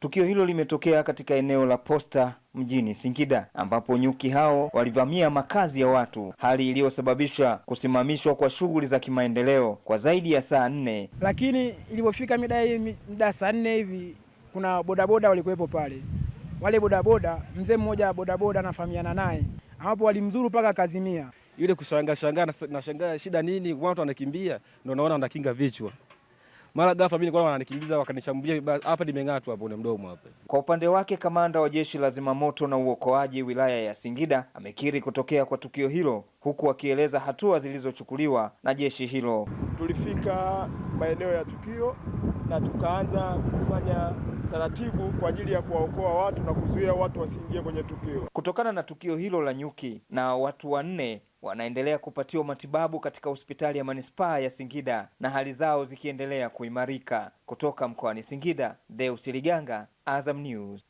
Tukio hilo limetokea katika eneo la Posta mjini Singida ambapo nyuki hao walivamia makazi ya watu, hali iliyosababisha kusimamishwa kwa shughuli za kimaendeleo kwa zaidi ya saa nne. Lakini ilipofika mida hii mida saa nne hivi kuna bodaboda walikuwepo pale, wale bodaboda, mzee mmoja wa bodaboda anafahamiana naye, ambapo walimzuru mpaka kazimia. Yule kushanga shangaa, nashangaa shida nini, watu wanakimbia, ndio naona wanakinga vichwa mara ghafla mimi nilikuwa wananikimbiza wakanishambulia hapa, tu hapo na mdomo hapa. Kwa upande wake kamanda wa jeshi la zimamoto na uokoaji wilaya ya Singida amekiri kutokea kwa tukio hilo, huku akieleza hatua zilizochukuliwa na jeshi hilo. Tulifika maeneo ya tukio na tukaanza kufanya taratibu kwa ajili ya kuwaokoa watu na kuzuia watu wasiingie kwenye tukio. Kutokana na tukio hilo la nyuki na watu wanne wanaendelea kupatiwa matibabu katika hospitali ya manispaa ya Singida na hali zao zikiendelea kuimarika. Kutoka mkoani Singida, Deus Liganga, Azam News.